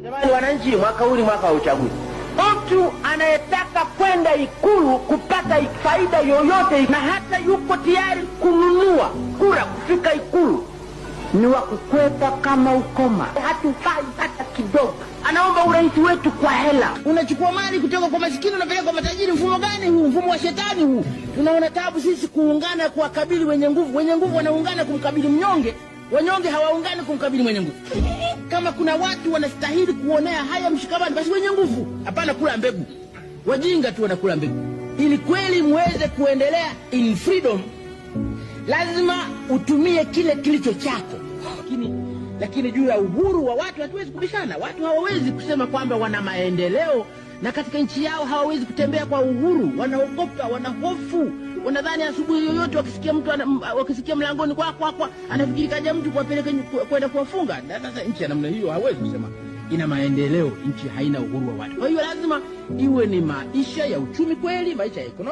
Jamani wananchi, mwaka huu ni mwaka wa uchaguzi. Mtu anayetaka kwenda Ikulu kupata faida yoyote na hata yuko tayari kununua kura kufika Ikulu ni wa kukwepa kama ukoma, hatufai hata kidogo. Anaomba urais wetu kwa hela. Unachukua mali kutoka kwa masikini unapeleka kwa matajiri. Mfumo gani huu? Mfumo wa shetani huu. Tunaona tabu sisi kuungana kuwakabili wenye nguvu. Wenye nguvu wanaungana kumkabili mnyonge. Wanyonge hawaungani kumkabili mwenye nguvu. Kama kuna watu wanastahili kuonea haya mshikamani, basi wenye nguvu, hapana kula mbegu. Wajinga tu wanakula mbegu. Ili kweli muweze kuendelea in freedom, lazima utumie kile kilicho chako. Lakini lakini juu ya uhuru wa watu hatuwezi kubishana. Watu hawawezi kusema kwamba wana maendeleo na katika nchi yao hawawezi kutembea kwa uhuru, wanaogopa, wanahofu, wanadhani asubuhi yoyote wakisikia mtu wakisikia mlangoni kwa kwa kwa anafikiri kaja mtu kuwapeleka kwenda kuwafunga. Sasa nchi ya namna hiyo hawezi kusema ina maendeleo, nchi haina uhuru wa watu. Kwa hiyo lazima iwe ni maisha ya uchumi kweli, maisha ya ekonomi.